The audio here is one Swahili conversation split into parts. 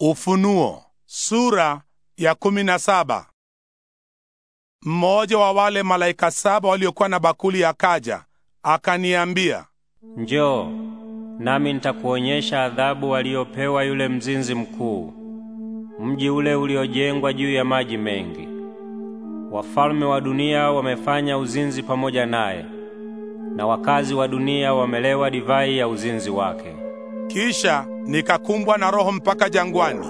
Ufunuo sura ya kumi na saba. Mmoja wa wale malaika saba waliokuwa na bakuli akaja akaniambia, njoo nami nitakuonyesha adhabu waliopewa yule mzinzi mkuu, mji ule uliojengwa juu ya maji mengi. Wafalme wa dunia wamefanya uzinzi pamoja naye, na wakazi wa dunia wamelewa divai ya uzinzi wake. Kisha nikakumbwa na Roho mpaka jangwani.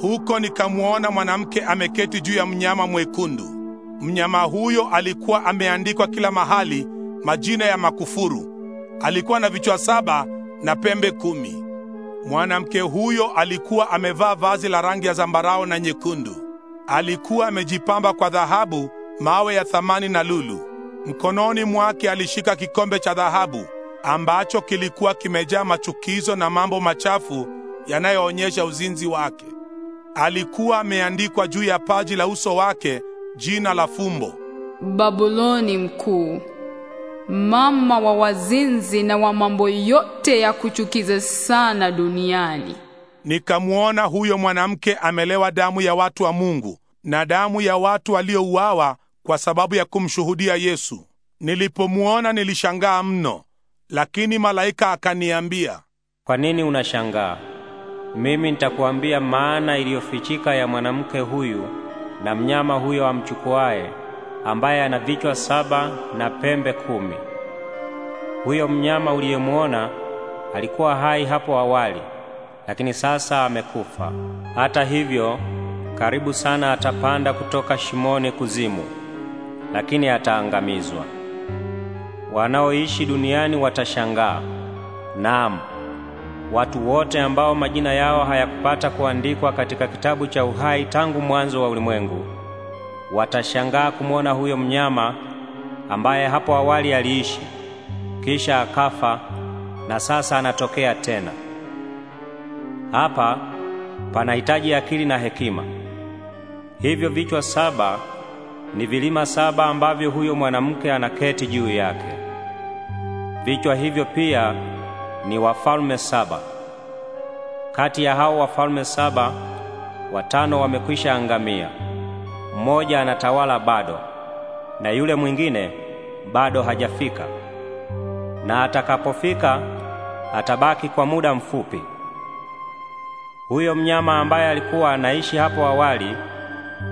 Huko nikamwona mwanamke ameketi juu ya mnyama mwekundu. Mnyama huyo alikuwa ameandikwa kila mahali majina ya makufuru. Alikuwa na vichwa saba na pembe kumi. Mwanamke huyo alikuwa amevaa vazi la rangi ya zambarao na nyekundu. Alikuwa amejipamba kwa dhahabu, mawe ya thamani na lulu. Mkononi mwake alishika kikombe cha dhahabu ambacho kilikuwa kimejaa machukizo na mambo machafu yanayoonyesha uzinzi wake. Alikuwa ameandikwa juu ya paji la uso wake jina la fumbo, Babuloni mkuu, mama wa wazinzi na wa mambo yote ya kuchukiza sana duniani. Nikamwona huyo mwanamke amelewa damu ya watu wa Mungu na damu ya watu waliouawa kwa sababu ya kumshuhudia Yesu. Nilipomwona nilishangaa mno, lakini malaika akaniambia, kwa nini unashangaa? Mimi nitakuambia maana iliyofichika ya mwanamke huyu na mnyama huyo amchukuaye, ambaye ana vichwa saba na pembe kumi. Huyo mnyama uliyemuona alikuwa hai hapo awali, lakini sasa amekufa. Hata hivyo, karibu sana atapanda kutoka shimoni kuzimu, lakini ataangamizwa wanaoishi duniani watashangaa. Naam, watu wote ambao majina yao hayakupata kuandikwa katika kitabu cha uhai tangu mwanzo wa ulimwengu watashangaa kumwona huyo mnyama ambaye hapo awali aliishi kisha akafa na sasa anatokea tena. Hapa panahitaji akili na hekima. Hivyo vichwa saba ni vilima saba ambavyo huyo mwanamke anaketi juu yake. Vichwa hivyo pia ni wafalme saba. Kati ya hao wafalme saba, watano wamekwisha angamia. Mmoja anatawala bado, na yule mwingine bado hajafika. Na atakapofika atabaki kwa muda mfupi. Huyo mnyama ambaye alikuwa anaishi hapo awali,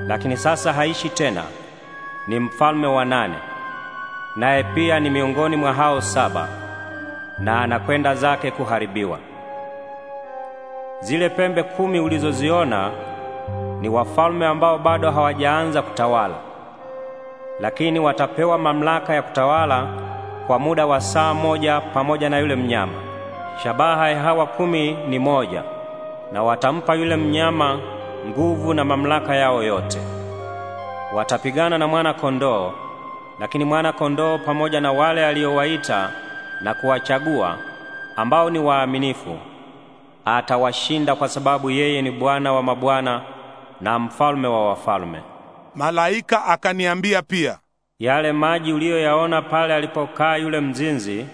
lakini sasa haishi tena, ni mfalme wa nane naye pia ni miongoni mwa hao saba, na anakwenda zake kuharibiwa. Zile pembe kumi ulizoziona ni wafalme ambao bado hawajaanza kutawala, lakini watapewa mamlaka ya kutawala kwa muda wa saa moja pamoja na yule mnyama. Shabaha ya hawa kumi ni moja, na watampa yule mnyama nguvu na mamlaka yao yote. Watapigana na mwana kondoo lakini mwana-kondoo pamoja na wale aliowaita na kuwachagua, ambao ni waaminifu, atawashinda kwa sababu yeye ni Bwana wa mabwana na mfalme wa wafalme. Malaika akaniambia pia, yale maji uliyoyaona pale alipokaa yule mzinzi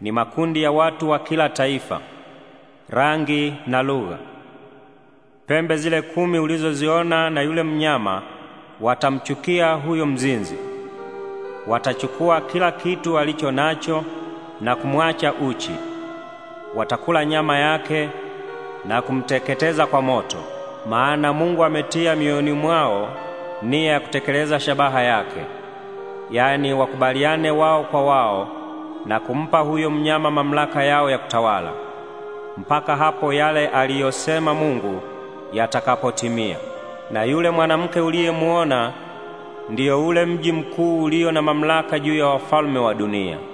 ni makundi ya watu wa kila taifa, rangi na lugha. Pembe zile kumi ulizoziona na yule mnyama watamchukia huyo mzinzi watachukua kila kitu alicho nacho na kumwacha uchi. Watakula nyama yake na kumteketeza kwa moto, maana Mungu ametia mioyoni mwao nia ya kutekeleza shabaha yake, yaani wakubaliane wao kwa wao na kumpa huyo mnyama mamlaka yao ya kutawala mpaka hapo yale aliyosema Mungu yatakapotimia. Na yule mwanamke uliyemuona ndiyo ule mji mkuu ulio na mamlaka juu ya wafalme wa dunia.